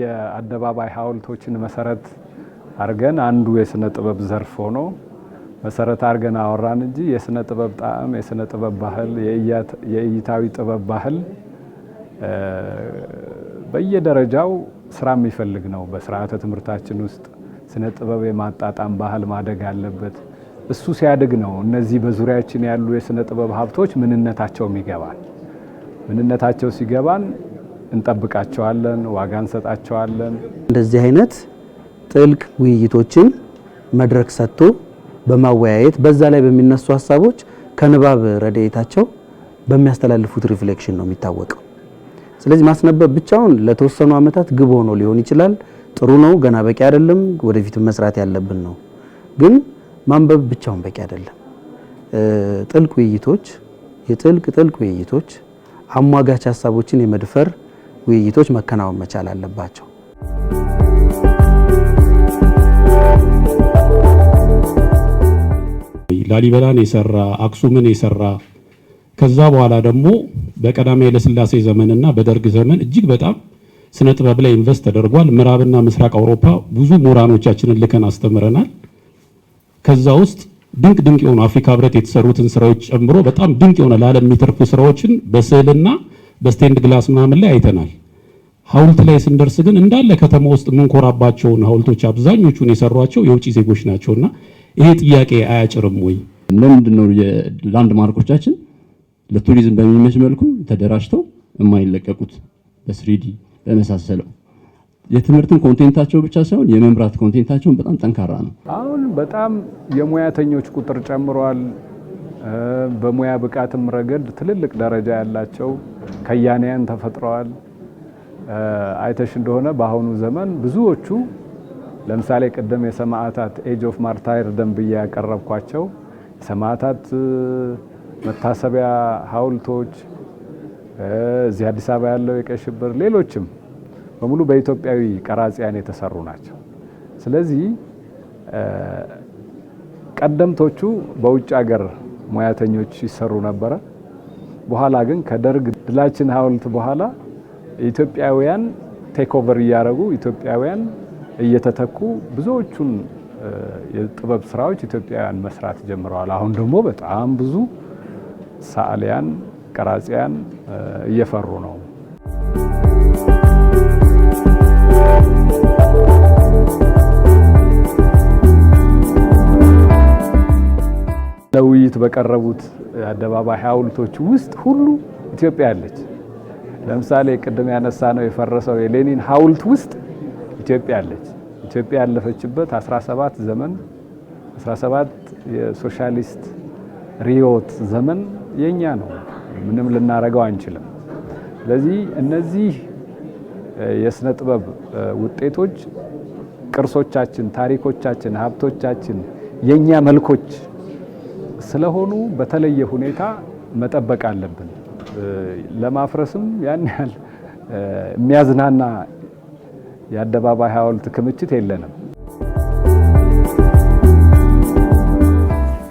የአደባባይ ሀውልቶችን መሰረት አድርገን አንዱ የስነ ጥበብ ዘርፍ ሆኖ መሰረት አድርገን አወራን እንጂ የስነ ጥበብ ጣዕም፣ የስነ ጥበብ ባህል፣ የእይታዊ ጥበብ ባህል በየደረጃው ስራ የሚፈልግ ነው። በስርዓተ ትምህርታችን ውስጥ ስነ ጥበብ የማጣጣም ባህል ማደግ አለበት። እሱ ሲያድግ ነው እነዚህ በዙሪያችን ያሉ የስነ ጥበብ ሀብቶች ምንነታቸውም ይገባል። ምንነታቸው ሲገባን እንጠብቃቸዋለን፣ ዋጋ እንሰጣቸዋለን። እንደዚህ አይነት ጥልቅ ውይይቶችን መድረክ ሰጥቶ በማወያየት በዛ ላይ በሚነሱ ሀሳቦች ከንባብ ረድኤታቸው በሚያስተላልፉት ሪፍሌክሽን ነው የሚታወቀው። ስለዚህ ማስነበብ ብቻውን ለተወሰኑ ዓመታት ግብ ሆኖ ሊሆን ይችላል። ጥሩ ነው፣ ገና በቂ አይደለም፣ ወደፊት መስራት ያለብን ነው። ግን ማንበብ ብቻውን በቂ አይደለም። ጥልቅ ውይይቶች የጥልቅ ጥልቅ ውይይቶች አሟጋች ሀሳቦችን የመድፈር ውይይቶች መከናወን መቻል አለባቸው። ላሊበላን የሰራ አክሱምን የሰራ ከዛ በኋላ ደግሞ በቀዳማዊ ኃይለሥላሴ ዘመንና በደርግ ዘመን እጅግ በጣም ስነ ጥበብ ላይ ኢንቨስት ተደርጓል። ምዕራብና ምስራቅ አውሮፓ ብዙ ምሁራኖቻችንን ልከን አስተምረናል። ከዛ ውስጥ ድንቅ ድንቅ የሆኑ አፍሪካ ህብረት የተሰሩትን ስራዎች ጨምሮ በጣም ድንቅ የሆነ ለዓለም የሚተርፉ ስራዎችን በስዕልና በስቴንድ ግላስ ምናምን ላይ አይተናል። ሐውልት ላይ ስንደርስ ግን እንዳለ ከተማ ውስጥ የምንኮራባቸውን ሐውልቶች አብዛኞቹን የሰሯቸው የውጭ ዜጎች ናቸውና ይሄ ጥያቄ አያጭርም ወይ? ለምንድን ነው የላንድ ማርኮቻችን ለቱሪዝም በሚመች መልኩ ተደራጅተው የማይለቀቁት? በስሪዲ በመሳሰለው የትምህርትን ኮንቴንታቸው ብቻ ሳይሆን የመምራት ኮንቴንታቸውን በጣም ጠንካራ ነው። አሁን በጣም የሙያተኞች ቁጥር ጨምሯል። በሙያ ብቃትም ረገድ ትልልቅ ደረጃ ያላቸው ከያንያን ተፈጥረዋል። አይተሽ እንደሆነ በአሁኑ ዘመን ብዙዎቹ ለምሳሌ ቅድም የሰማዕታት ኤጅ ኦፍ ማርታይር ደንብ ያቀረብኳቸው የሰማዕታት መታሰቢያ ሐውልቶች እዚህ አዲስ አበባ ያለው የቀይ ሽብር ሌሎችም በሙሉ በኢትዮጵያዊ ቀራጺያን የተሰሩ ናቸው። ስለዚህ ቀደምቶቹ በውጭ ሀገር ሙያተኞች ይሰሩ ነበረ። በኋላ ግን ከደርግ ድላችን ሀውልት በኋላ ኢትዮጵያውያን ቴክ ኦቨር እያደረጉ ኢትዮጵያውያን እየተተኩ ብዙዎቹን የጥበብ ስራዎች ኢትዮጵያውያን መስራት ጀምረዋል። አሁን ደግሞ በጣም ብዙ ሰዓሊያን፣ ቀራጺያን እየፈሩ ነው። ለውይይት በቀረቡት አደባባይ ሀውልቶች ውስጥ ሁሉ ኢትዮጵያ አለች። ለምሳሌ ቅድም ያነሳ ነው የፈረሰው የሌኒን ሀውልት ውስጥ ኢትዮጵያ አለች። ኢትዮጵያ ያለፈችበት 17 ዘመን 17 የሶሻሊስት ሪዮት ዘመን የኛ ነው። ምንም ልናረገው አንችልም። ስለዚህ እነዚህ የስነ ጥበብ ውጤቶች ቅርሶቻችን፣ ታሪኮቻችን፣ ሀብቶቻችን የኛ መልኮች ስለሆኑ በተለየ ሁኔታ መጠበቅ አለብን። ለማፍረስም ያን ያህል የሚያዝናና የአደባባይ ሐውልት ክምችት የለንም።